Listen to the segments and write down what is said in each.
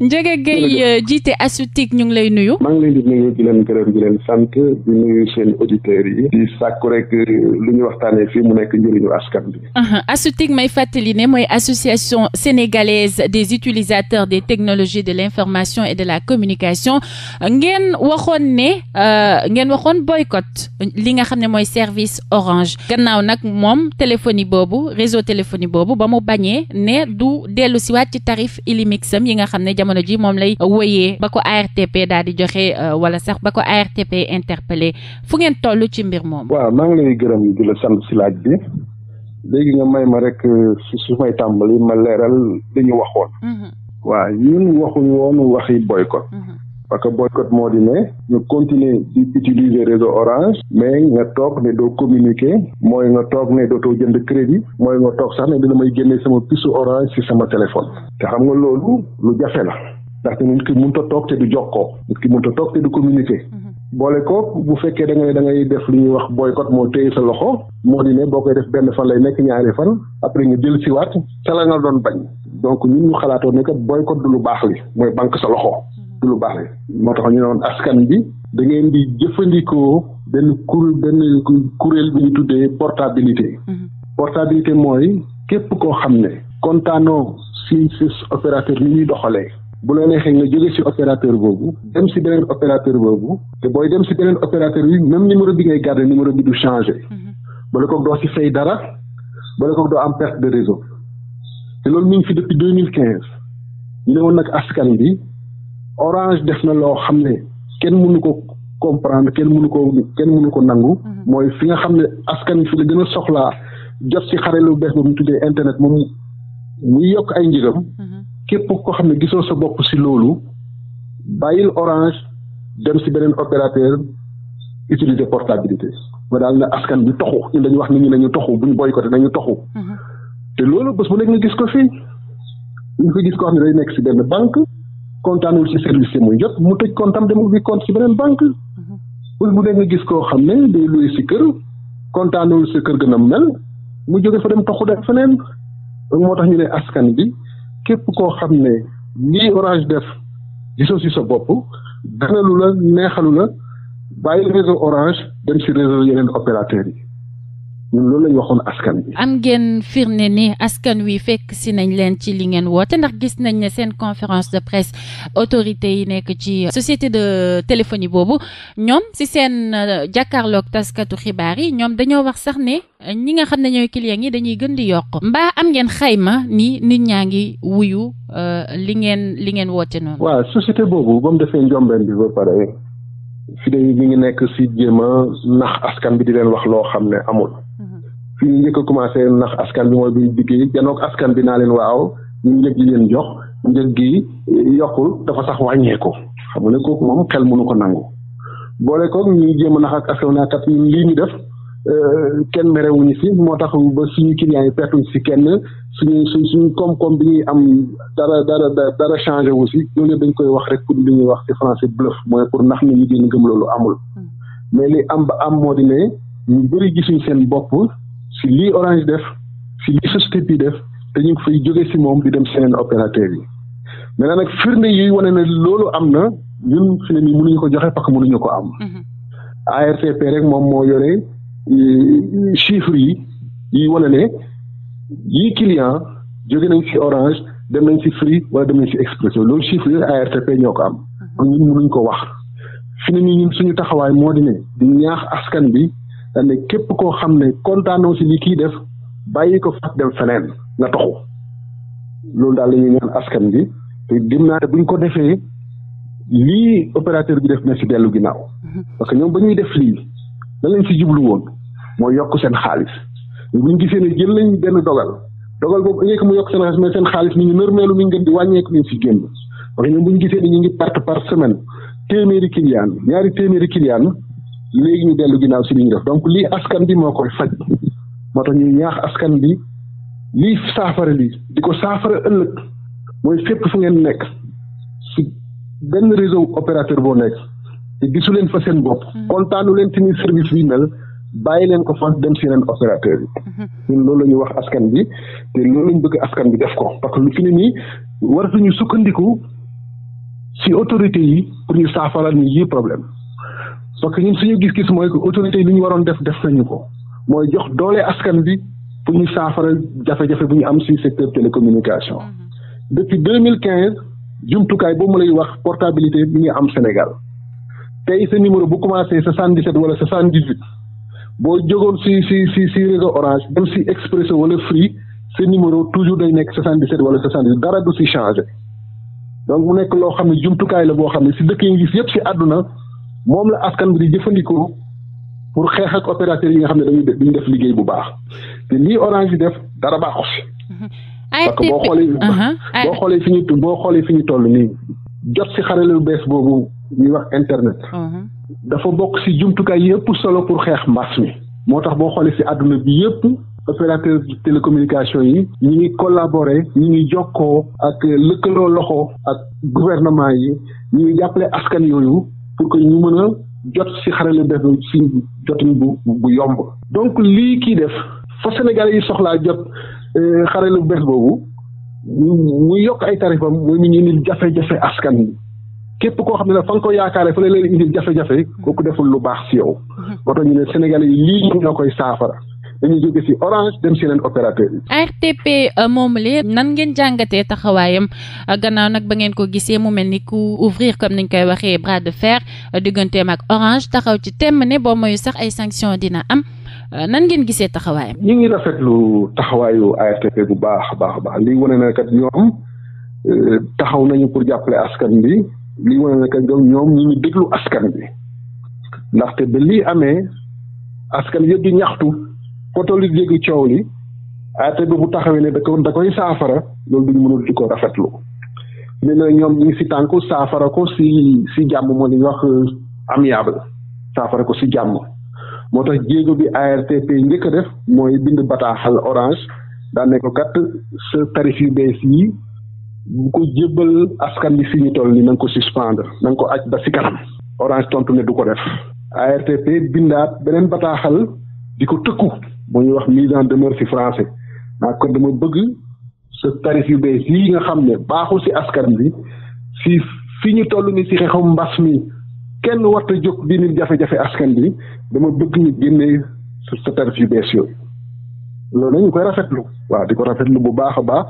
Ndiaga Gueye euh, jiite ASUTIC ñu ngi lay nuyu. maa ngi leen di nuyu di leen gërëm di leen sant di nuyu seen auditeurs yi. di sàkku rek euh, lu ñu waxtaanee fii mu nekk njëriñu askan bi. ASUTIC may fàttali ne mooy association sénégalaise des utilisateurs des technologies de l'information et de la communication ngeen waxoon ne euh, ngeen waxoon boycott li nga xam ne mooy service orange. gannaaw nag moom téléphonie boobu réseau téléphonie boobu ba mu bañee ne du dellu siwaat ci jamono ji moom lay wéyee ba ko ARTP daal di joxe euh, wala sax ba ko ARTP interpellé fu ngeen toll ci mbir moom. waaw maa ngi lay gërëm di la sant si laaj bi léegi nga may ma rek euh, su su may tàmbali ma leeral li ñu waxoon. Mm-hmm. waaw ñun waxuñu woon waxi boycott. Mm-hmm. parce que boycott moo di ne ñu continuer di utiliser réseau orange mais nga toog ne doo communiquer mooy nga toog ne dootoo jënd crédit mooy nga toog sax ne dina may génne sama puce orange si sama téléphone te xam nga loolu lu jafe la ndaxte nit ki mënut toog te du jokkoo nit ki mënut toog te du mm-hmm. boole ko bu fekkee da ngay da ngay def li ñuy wax boycott moo téye sa loxo moo di ne boo koy def benn fan lay nekk ñaari fan après nga jël siwaat ca la nga doon bañ donc ñun ñu xalaatoo ne boykot lu baax li mooy banque sa loxo du lu baax rek moo tax ñu noon askan bi da ngeen di jëfandikoo benn kur benn kuréel bi ñu tuddee portabilité mhm. portabilité mooy képp koo xam ne kontaanoo si si opérateur ni ñuy doxalee bu la neexee nga jóge si opérateur boobu dem si beneen opérateur boobu te booy dem si beneen opérateur bi même numéro bi ngay garder numéro bi du changé bala mhm. koog doo si fay dara bala koog doo am perte de réseau te loolu mi ngi fi depuis deux mille quinze ñu ne woon nag askan bi orange def na loo xam ne kenn mënu ko comprendre kenn mënu ko kenn mënu ko nangu. Mhm. mooy fi nga xam ne askan fi la gën a soxlaa jot ci xare lu bees ba mu tuddee internet moom muy yokk ay njëgam. Mhm. képp koo xam ne gisoo sa bopp ci loolu bàyyil orange dem ci beneen opérateur utiliser portabilité ba daal na bi toxu dañu wax nit ñi toxu buñ boycotté nañu toxu. Mhm. te loolu bés bu nekk nga gis ko fii ñu ko gis ko xam ne day nekk ci benn banque. kontaanul ci service yi muy mu tëj kontam dem ubbi compte ci beneen banque wala mu ne nga gis koo xam ne day luy ci kër kontaanul sa kër gën a mel mu jóge fa dem taxu def feneen donc moo tax ñu ne askan bi képp koo xam ne lii orange def gisoo ci sa bopp gënalu la neexalu la bàyyi réseau orange dem ci réseau yeneen opérateur yi loolu lañ waxoon askan bi. am ngeen firnde ne askan wi fekk si nañ leen ci li ngeen woote ndax gis nañ ne seen conférence de presse autorité yi nekk ci société de yi boobu ñoom si seen euh, jàkkaarloog taskatu xibaar yi ñoom dañoo wax sax ne ñi nga xam ne ñooy clients yi dañuy gën di yokk mbaa am ngeen xayma ni nit ñaa ngi wuyu euh, li ngeen li ngeen woote noonu. waaw société boobu ba mu defee njombeen bi ba pare fi de nekk si jéem nax askan bi di leen fi ñu njëkk a commencé ndax askan bi mooy bi digg janook askan bi naa leen waaw ñu njëg yi leen jox njëg gi yokkul dafa sax wàññeeku xam nga ne kooku moom xel mënu ko nangu boole koog ñuy jéem a nax ak askan naa kat ñun lii ñu def euh, kenn merewuñu si moo tax ba suñu clients yi pertuñ si kenn suñu suñ suñu koom-koom bi ñuy am dara dara dara changé wu si loolu dañ koy wax rek pour li ñuy wax ci français bluff mooy pour ndax mi ñi gën gëm loolu amul mm. mais li am ba am moo di ne ñu bëri gisuñ seen bopp si lii Orange def si lii société bi def dañu fay jóge si moom di dem seen opérateur yi maintenant nag firnde yi wane ne loolu am na ñun fi ne nii mënuñu ko joxe parce que mënuñu ko am. Mhm. ARTP rek moom moo yore chiffres yi yi wane ne yii client jóge nañ si Orange dem nañ si Free wala dem nañ si Expresso loolu chiffres yi ARTP ñoo ko am. Mhm. kon ñun mënuñ ko wax fi ñun suñu taxawaay moo di ne di ñaax askan bi. dañ ne képp koo xam ne kontaanoo si li kii def bàyyi ko fa dem feneen nga toxu loolu daal lañuy ñuy ñaan askan bi te dim naa ne buñ ko defee lii opérateur bi def na si dellu ginnaaw parce que ñoom ba ñuy def lii lan lañ si jublu woon mooy yokk seen xaalis buñ gisee ne jël nañ benn dogal dogal boobu léegi mu yokk seen xaalis mais seen xaalis mi ngi nërmeelu mi ngi gën di wàññeeku ñu buñ gisee ne ñu ngi perte par semaine téeméeri kiliyaan ñaari téeméeri kiliyaan léegi ñu dellu ginnaaw si li ñu def donc lii askan bi moo koy faj moo tax ñuy ñaax askan bi lii saafara lii di ko saafara ëllëg mooy fépp fu ngeen nekk si benn réseau opérateur boo nekk te gisu leen fa seen bopp mhm. kontaanu leen ci ni service bi mel bàyyi leen ko fa dem si leen opérateur yi mhm. ñun loolu la ñuy wax askan bi te loolu lañu bëgg askan bi def ko parce que lu fi ne nii war suñu sukkandiku si autorité yi pour ñu saafara ni yii problème parce que ñun suñu gis-gis mooy que autorité yi li ñu waroon def def nañu ko mooy jox doole askan bi pour ñu saafara jafe-jafe bu ñu am ci secteur télécommunication mm-hmm. depuis deux mille quinze jumtukaay boobu ma lay wax portabilité bi ñu am Sénégal tey sa numéro bu commencé soixante dix sept wala soixante dix huit boo jógoon si si si si réseau orange dem si expresso wala free sa numéro toujours day nekk soixante dix sept wala soixante dix huit dara du si changé donc loo xam ne jumtukaay la boo xam ne si dëkk yi ngi yëpp si àdduna moom la askan bi di jëfandikoo pour xeex ak opérateurs yi nga xam ne dañuy def dañuy def liggéey bu baax te lii orange def dara baaxu si. Mm-hmm. boo xoolee. Uh-huh. boo xoolee fi ñu boo xoolee fi ñu toll nii jot si xarale lu bees boobu ñuy wax internet. Uh-huh. dafa bokk si jumtukaay yëpp solo pour xeex mbas mi. moo tax boo xoolee si àdduna bi yëpp. opérateur télécommunication yi ñu ngi collaborer ñu ngi jokkoo ak lëkkaloo loxo ak gouvernement yi ñu ngi jàppale askan yooyu pour ñu mën a jot si xarale def si jotin bu bu yomb donc lii kii def fa Sénégalais yi soxlaa jot euh, xarale bu bees boobu muy yokk ay tarifam mooy mu ñu indil jafe-jafe askan bi képp koo xam ne nag fa nga ko yaakaare fa la leen indil jafe-jafe kooku deful lu baax ci yow mm-hmm. moo ñu ne Sénégalais yi lii ñoo koy saafara dañuy jóge ci orange dem ci leen opérateur yi. RTP euh, moomule nan ngeen jàngatee taxawaayam euh, gannaaw nag ba ngeen ko gisee mu mel ni ku ouvrir comme niñ koy waxee bras de fer euh, digganteem ak orange taxaw ci temm ne boo moyu sax ay sanctions dina am. nan ngeen gisee taxawaayam. ñu ngi rafetlu taxawaayu ARTP bu baax a baax a baax lii wane na kat ñoom taxaw nañu pour jàppale askan bi lii wane na kat ñoom ñu ngi déglu askan bi ndaxte ba lii amee askan yëpp di potool yi jéggi coow li aate bi bu taxawee ne da ko da koy saafara loolu duñu mënul di ko rafetlu mais nag ñoom ñi si tànku saafara ko si si jàmm moo li ñu wax euh, amiable saafara ko si jàmm moo tax jéego bi ARTP njëkk a def mooy bind bataaxal orange daan ne ko kat sa tarif yu bees yi bu ko jébbal askan bi fi ñu toll ni na ko suspendre na nga ko aj ba si kanam orange tontu ne du ko def ARTP bindaat beneen bataaxal di ko tëkku moo ñuy wax mise en demeure ci français naa ko dama bëgg sa tarif yu bees yi nga xam ne baaxul ci askan bi ci fi ñu toll ni ci xeexu mbas mi kenn warta jóg di nit jafe-jafe askan bi dama bëgg ñu génnee sa tarif yu bees yooyu loolu nag ñu koy rafetlu waa di ko rafetlu bu baax a baax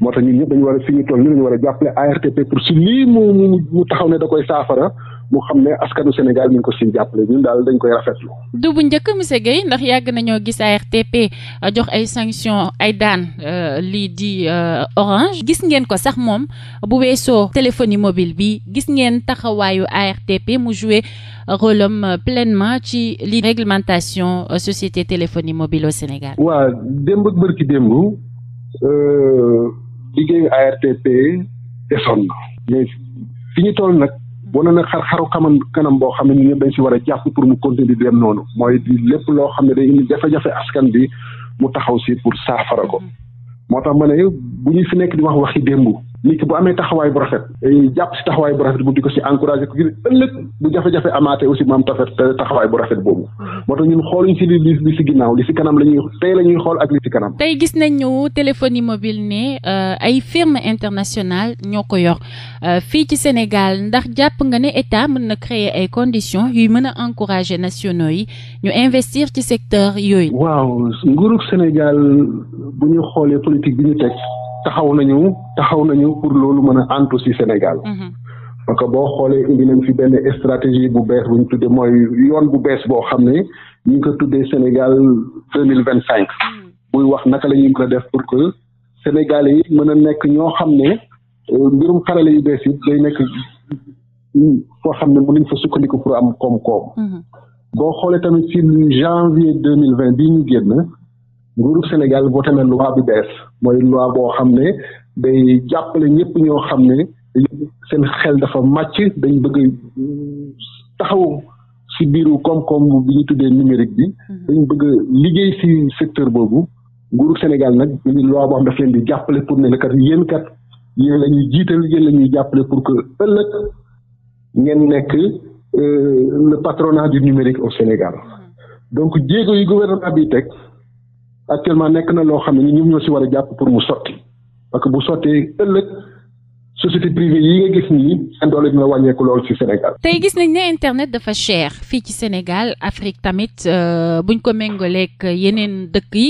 moo tax ñu ñëpp dañu war a fi ñu toll ni dañu war a jàppale ARTP pour si lii mu mu taxaw ne da koy saafara mu xam ne askanu Sénégal ñu ngi ko siy jàppale ñun daal dañ koy rafetlu. du bu njëkk monsieur Guèye ndax yàgg nañoo gis ARTP euh, jox ay sanctions ay daan euh, lii di euh, Orange. gis ngeen ko sax moom bu weesoo téléphonie mobile bi gis ngeen taxawaayu ARTP mu joué rôle am pleinement ci li réglementation société téléphone mobile au Sénégal. waaw démb ak bërki démb liggéeyu ARTP desoon na. mais fi nag wane ne xar xaru xaman kanam boo xam ne ñu ñëpp dañ si war a jàpp pour mu continuer di dem noonu mooy di lépp loo xam ne day indi jafe-jafe askan bi mu taxaw si pour saafara ko mm-hmm. moo tax ma ne bu ñu fi nekk di wax waxi démb nit ki bu amee taxawaay bu rafet eh, jàpp si taxawaay bu rafet bu di ko si encouragé ko ngir ëllëg bu jafe-jafe amaatee aussi mu am tafet taxawaay bu rafet boobu mm-hmm. moo tax ñun xooluñ si li li si ginnaaw li si kanam la ñuy tey la ñuy xool ak li si kanam tey gis nañ ñëw nañu téléphonie mobile ne euh, ay firme internationale ñoo ko yor euh, fii ci Sénégal ndax jàpp nga ne état mën na créer ay conditions yuy mën a encourager nationaux yi ñu investir ci secteur yooyu waaw nguurug Sénégal bu ñu xoolee politique bi ñu taxaw nañu taxaw nañu pour loolu mën a antu ci Sénégal. Mhm. parce que boo xoolee indina nañ fi benn stratégie bu bees bu ñu tuddee mooy yoon bu bees boo xam ne ñu ngi ko tuddee Sénégal deux vingt cinq. muy mhm. wax naka la ñuy mën def pour que Sénégalais yi mën a nekk ñoo xam ne euh, mbirum xarale yu bees yi day nekk foo xam ne mënuñ fa sukkandiku pour am koom-koom. Mhm. boo xoolee tamit ci janvier deux mille vingt bii ñu génn. nguurub Sénégal voté na loi bu bees mooy loi boo xam ne day jàppale ñëpp ñoo xam ne seen xel dafa màcc dañ bëgg taxaw ci biiru koom-koom bi ñu tuddee numérique bi mhm. dañ bëgg liggéey ci secteur boobu nguurub Sénégal nag ñu loi daf leen di jàppale pour ne la yéen kat yéen la ñuy jiital yéen lañuy jàppale pour que ëllëg ngeen nekk euh, le patronat du numérique au Sénégal mhm. donc jéego yi gouvernement bi teg actuellement nekk na loo xam ne ñun ñoo si war a jàpp pour mu sotti parce que bu sottee ëllëg société privée yi nga gis nii seen dina wàññeeku lool ci Sénégal. tey gis nañ ne internet dafa cher fii ci Sénégal Afrique tamit euh, buñ ko méngaleeg yeneen dëkk yi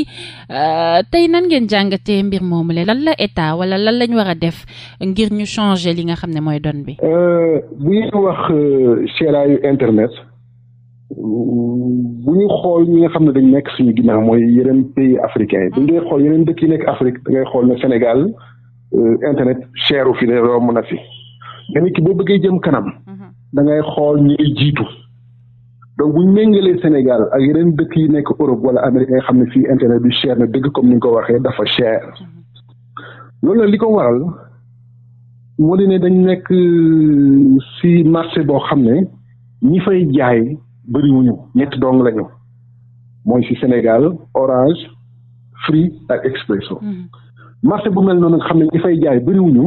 euh, tey nan ngeen jàngatee mbir moomu le lan la état wala lan lañ war a def ngir ñu changé li nga xam ne mooy don bi. Euh, bu ñuy wax seeraayu internet. bu ñu xool ñi nga xam ne dañ nekk suñu ginnaaw mooy yeneen pays africains yi bu ñu dee xool yeneen dëkk yi nekk Afrique da ngay xool ne Sénégal euh, internet cheru fi ne romb na fi ki jëm kanam mhm. da ngay xool ñuy jiitu donc bu ñu méngalee Sénégal ak yeneen dëkk yi nekk Europe wala Amérique nga xam ne fii internet bi cher na dëgg comme ni nga ko waxee dafa cher mhm. loolu nag li ko waral moo di dañ nekk euh, si marché boo xam ne ñi fay jaay. bëriwuñu ñetti dong lañu mooy ci Sénégal Orange Free ak Expresso. Mm-hmm. marché bu mel noonu nga xam ne ñi fay jaay bëriwuñu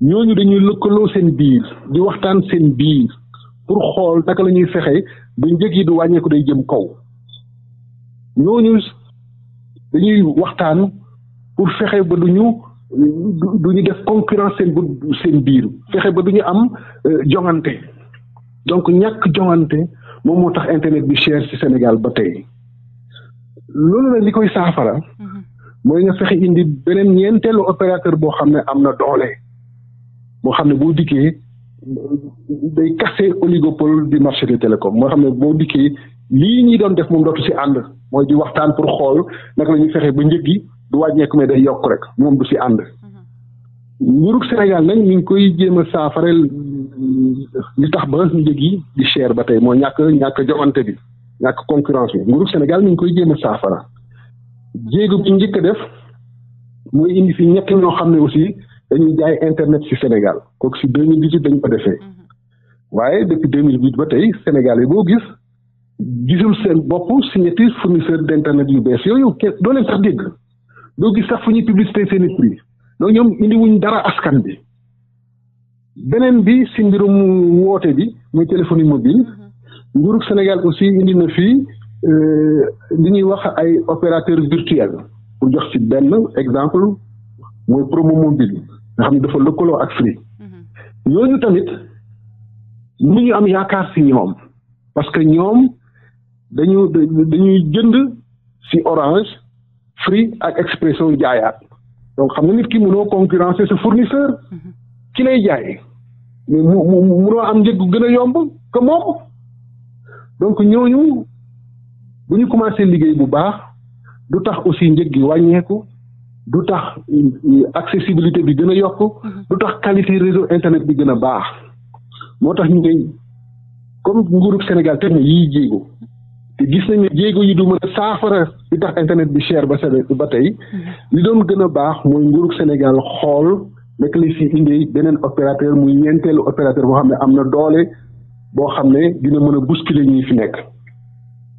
ñooñu dañuy lëkkaloo seen biir di waxtaan seen biir pour xool naka lañuy fexe ba njëg yi du wàññeeku day jëm kaw ñooñu dañuy waxtaan pour fexe ba du ñu du ñu def concurrence seen seen biir fexe ba du ñu am euh, jongante donc ñàkk jongante. moom moo tax internet bi cher ci Sénégal ba tey loolu nag li koy saafara mhm. mooy nga fexe indi beneen ñeenteelu opérateur boo xam ne am na doole boo xam ne boo dikkee day casser oligopole du marché des télécom moo xam ne boo dikkee lii ñuy doon def moom dootu ci ànd mooy di waxtaan pour xool naka la ñuy fexe ba njëg du wàññeeku mais day yokk rek moom du ci ànd mhm. nguurug Sénégal nag mi koy jéem a li tax ba njëg yi di cher ba tey moo ñàkk ñàkk joxante bi ñàkk concurrence bi nguurug Sénégal mi ngi koy jéem a saafara jéego bu njëkk a def mooy indi fi ñett ñoo xam ne aussi dañuy jaay internet ci Sénégal kook ci 2018 dañ ko defee mm-hmm. waaye depuis 2008 ba tey Sénégal yi boo gis gisul seen bopp signature fournisseur d' internet yu bees yooyu kenn doo leen sax dégg doo gis sax fu ñuy publicité seen i prix ñoom indi dara askan bi. beneen bi si mbirum woote bi muy téléphonie mobile mm-hmm. nguurug Sénégal aussi indi na fii euh, li ñuy wax ay opérateur virtuel pour jox ci benn exemple mooy promo mobile nga xam ne dafa lëkkaloo ak Free mm-hmm. yooyu tamit ni ñu am yaakaar ci ñoom parce que ñoom dañu dañuy jënd ci Orange Free ak Expresso jaayaat donc xam nga nit ki mënoo concurrencer sa fournisseur. Mm-hmm. ki lay jaay mu mu munoo am njëg gu gën a yomb que moom donc ñooñu bu ñu commencé liggéey bu baax du tax aussi njëg gi wàññeeku du tax euh, accessibilité bi gën a yokk mhm. du tax qualité réseau internet bi gën a baax moo tax ñu ne comme nguurug Sénégal te na yii jéego te gis nañ jéego yi du mën a saafara li tax internet bi cher ba sa ba tey mhm. li doon gën a baax mooy nguurug Sénégal xool nekk li fi indi beneen opérateur muy ñeenteelu opérateur boo xam ne am na doole boo xam ne dina mën a bousculer ñi fi nekk.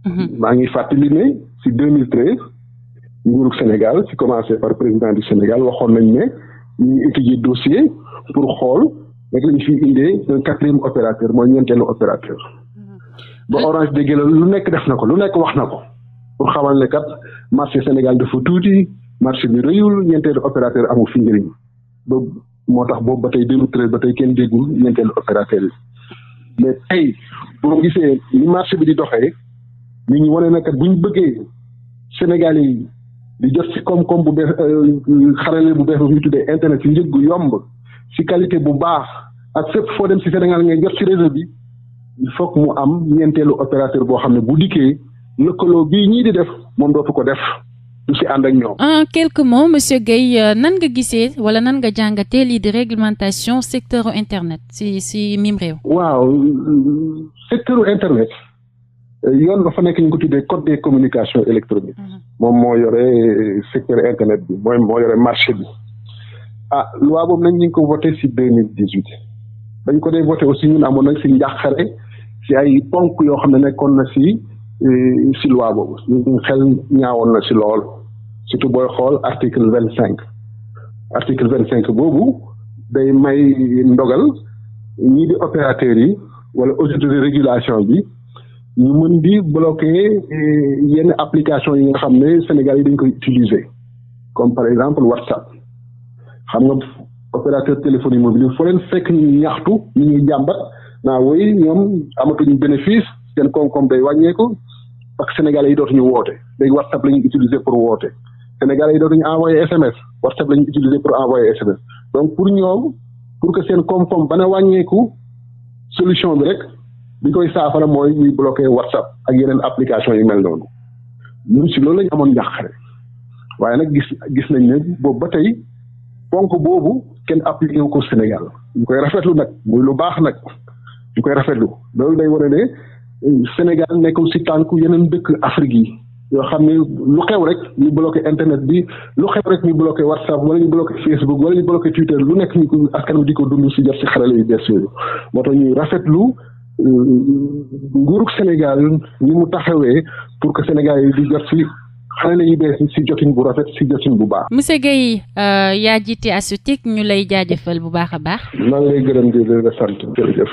Mhm. maa ngi fàttali ne si 2013 nguurug Sénégal si commencé par président du Sénégal waxoon nañ ne ñu ngi étudier dossier pour xool rek lañu fi indee un quatrième opérateur mooy ñeenteelu opérateur. Mhm. ba orange déggee la lu nekk def na ko lu nekk wax na ko pour xamal ne kat marché Sénégal dafa tuuti marché bi rëyul ñeenteelu opérateur amul fi njëriñ. ba moo tax boobu ba tey 2013 ba tey kenn déggul ñeenteelu opérateur yi mais tey boo gisee ni marché bi di doxee nit ñi wane na kat bëggee Sénégalais yi di jot ci koom-koom bu bees euh, xarale bu bees bu ñu tuddee internet ci njëg gu yomb ci qualité bu baax ak fépp foo dem ci Sénégal ngay jot ci réseau bi il faut mu am ñeenteelu opérateur boo xam ne bu dikkee lëkkaloo bii ñii di def moom dootu ko def. du si ànd ak ñoom. en quelques mots monsieur Guèye euh, nan nga gisee wala nan nga jàngatee lii di réglementation secteur internet si si mim réew. waaw secteur internet euh, yoon dafa nekk ñu ko tuddee code des communications électroniques. Mhm. moom moo yore euh, secteur internet bi mooy moo yore marché bi. ah loi boobu nag ñu ngi ko voté si deux mille dix huit dañ ko dee voté si ñun amoon nag si njàqare si ay ponk yoo xam ne nekkoon na si si boobu xel ñaawoon na si lool. surtout booy xool article vingt cinq article vingt cinq boobu day may ndogal ñii di yi wala autorité de régulation bi ñu mën di bloquer eh, yenn application yi nga xam ne Sénégal yi dañ koy utiliser comme par exemple WhatsApp xam nga opérateur téléphonie mobile foo leen fekk ñu ñaxtu ñu ñuy jàmbat naa woy ñoom amatuñu bénéfice seen koom-koom day wàññeeku parce que Sénégalais yi dootuñu woote léegi WhatsApp la ñuy utiliser pour woote Sénégalais yi dootuñu envoyé SMS WhatsApp la ñu utiliser pour envoyer SMS donc pour ñoom pour que seen koom-koom bana wàññeeku solution bi rek bi koy saafara mooy ñuy bloqué WhatsApp ak yeneen application yu mel noonu ñun si loolu la ñu amoon njàqare waaye nag gis gis nañ ne boobu ba tey ponk boobu kenn appliqué wu ko Sénégal ñu koy rafet lu nag muy lu baax nag ñu koy rafetlu loolu day wane ne Sénégal nekkul si tànku yeneen dëkk Afrique yi. yoo xam ni lu xew rek ñu bloqué internet bi lu xew rek ñu bloqué whatsapp wala ñu bloqué facebook wala ñu bloqué twitter lu nekk mu ko askan di ko dund si jot si xarala yu bees moo tax ñuy rafetlu euh, nguurug Sénégal ni mu taxawee pour que Sénégal yi di jot si xarala yu bees si jotin bu rafet si jotin bu baax. monsieur Guèye euh, yaa jiite ASUTIC ñu lay jaajëfal bu baax a baax. maa ngi lay gërëm di la sant jërëjëf.